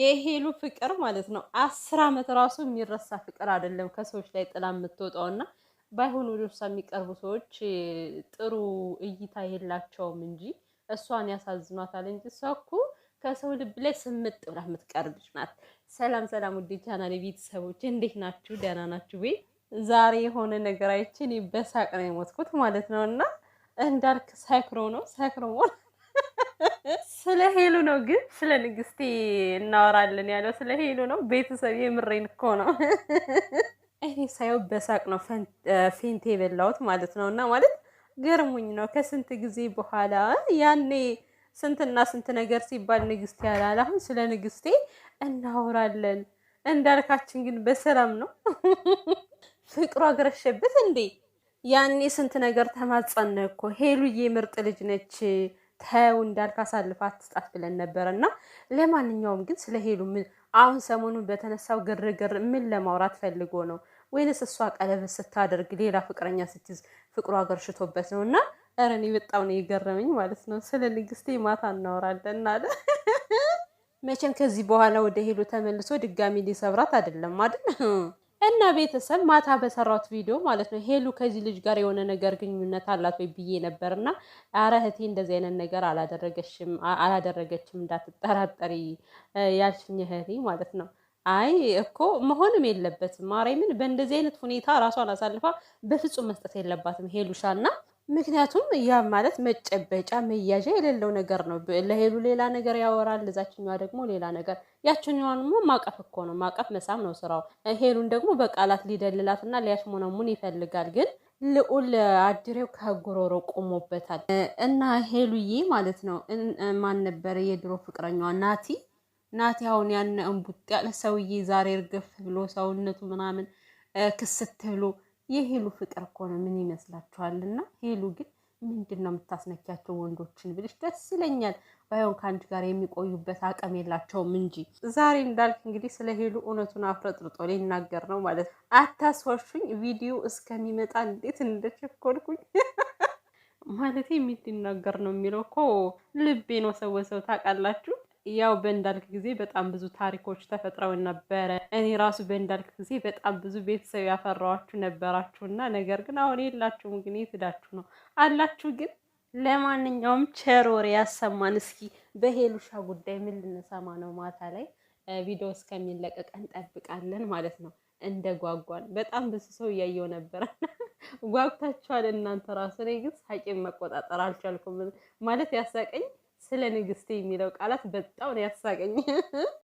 የሄሉ ፍቅር ማለት ነው። አስር አመት ራሱ የሚረሳ ፍቅር አይደለም ከሰዎች ላይ ጥላ የምትወጣው እና ባይሆን ወደ እሷ የሚቀርቡ ሰዎች ጥሩ እይታ የላቸውም እንጂ እሷን ያሳዝኗታል እንጂ እሷ እኮ ከሰው ልብ ላይ ስምጥ ብላ የምትቀር ልጅ ናት። ሰላም ሰላም፣ ውድ ቻናሌ ቤተሰቦች እንዴት ናችሁ? ደህና ናችሁ ቤ ዛሬ የሆነ ነገር አይቼ እኔ በሳቅ ነው የሞትኩት ማለት ነው እና እንዳልክ ሳይክሮ ነው ሳይክሮ ሞት ስለ ሄሉ ነው ግን ስለ ንግስቴ እናወራለን ያለው ስለ ሄሉ ነው። ቤተሰብ የምሬን እኮ ነው። እኔ ሳየው በሳቅ ነው ፌንቴ የበላሁት ማለት ነው። እና ማለት ገርሙኝ ነው ከስንት ጊዜ በኋላ ያኔ ስንትና ስንት ነገር ሲባል ንግስቴ ያላል። አሁን ስለ ንግስቴ እናወራለን እንዳልካችን ግን በሰላም ነው ፍቅሩ አገረሸበት እንዴ? ያኔ ስንት ነገር ተማጸነ እኮ ሄሉዬ ምርጥ ልጅ ነች ተው እንዳልክ አሳልፋ አትስጣት ብለን ነበረ እና ለማንኛውም ግን ስለ ሄሉ አሁን ሰሞኑን በተነሳው ግርግር ምን ለማውራት ፈልጎ ነው? ወይንስ እሷ ቀለበት ስታደርግ ሌላ ፍቅረኛ ስትይዝ ፍቅሩ አገርሽቶበት ነው? እና ኧረ እኔ በጣም ነው የገረመኝ ማለት ነው። ስለ ንግስቴ ማታ እናወራለን አለ። መቼም ከዚህ በኋላ ወደ ሄሉ ተመልሶ ድጋሚ ሊሰብራት አይደለም አይደል? እና ቤተሰብ ማታ በሰራሁት ቪዲዮ ማለት ነው ሄሉ ከዚህ ልጅ ጋር የሆነ ነገር ግንኙነት አላት ወይ ብዬ ነበር። እና ኧረ እህቴ እንደዚህ አይነት ነገር አላደረገችም አላደረገችም እንዳትጠራጠሪ ያልሽኝ እህቴ ማለት ነው። አይ እኮ መሆንም የለበትም ማርያምን፣ በእንደዚህ አይነት ሁኔታ ራሷን አሳልፋ በፍጹም መስጠት የለባትም ሄሉሻ እና ምክንያቱም ያ ማለት መጨበጫ መያዣ የሌለው ነገር ነው። ለሄሉ ሌላ ነገር ያወራል፣ ለዛችኛዋ ደግሞ ሌላ ነገር። ያችኛዋን ማቀፍ እኮ ነው ማቀፍ መሳም ነው ስራው። ሄሉን ደግሞ በቃላት ሊደልላትና ሊያሽሞነሙን ይፈልጋል ግን ልዑል አድሬው ከጉሮሮ ቆሞበታል። እና ሄሉዬ ማለት ነው ማን ነበረ የድሮ ፍቅረኛዋ ናቲ ናቲ፣ አሁን ያን እንቡጥ ያለ ሰውዬ ዛሬ እርግፍ ብሎ ሰውነቱ ምናምን ክስት ብሎ የሄሉ ፍቅር እኮ ምን ምን እና ሄሉ ግን ምንድን ነው የምታስነኪያቸው ወንዶችን ብልሽ ደስ ይለኛል። ባይሆን ከአንቺ ጋር የሚቆዩበት አቅም የላቸውም እንጂ ዛሬ እንዳልክ እንግዲህ ስለ ሄሉ እውነቱን አፍረጥርጦ ሊናገር ነው ማለት ነው። አታስዋሹኝ። ቪዲዮ እስከሚመጣ እንዴት እንደቸኮልኩኝ ማለት የሚትናገር ነው የሚለው እኮ ልቤን ወሰወሰው ታውቃላችሁ። ያው በእንዳልክ ጊዜ በጣም ብዙ ታሪኮች ተፈጥረው ነበረ። እኔ ራሱ በእንዳልክ ጊዜ በጣም ብዙ ቤተሰብ ያፈራዋችሁ ነበራችሁና፣ ነገር ግን አሁን የላችሁም። ግን የት ነው አላችሁ። ግን ለማንኛውም ቸር ወሬ ያሰማን እስኪ። በሄሉሻ ጉዳይ ምን ልንሰማ ነው? ማታ ላይ ቪዲዮ እስከሚለቀቀ እንጠብቃለን ማለት ነው። እንደ ጓጓን በጣም ብዙ ሰው እያየው ነበረ። ጓጉታችኋል እናንተ ራሱ። እኔ ግን ሳቄን መቆጣጠር አልቻልኩም። ማለት ያሳቀኝ ስለ ንግስቴ የሚለው ቃላት በጣም ነው ያሳቀኝ።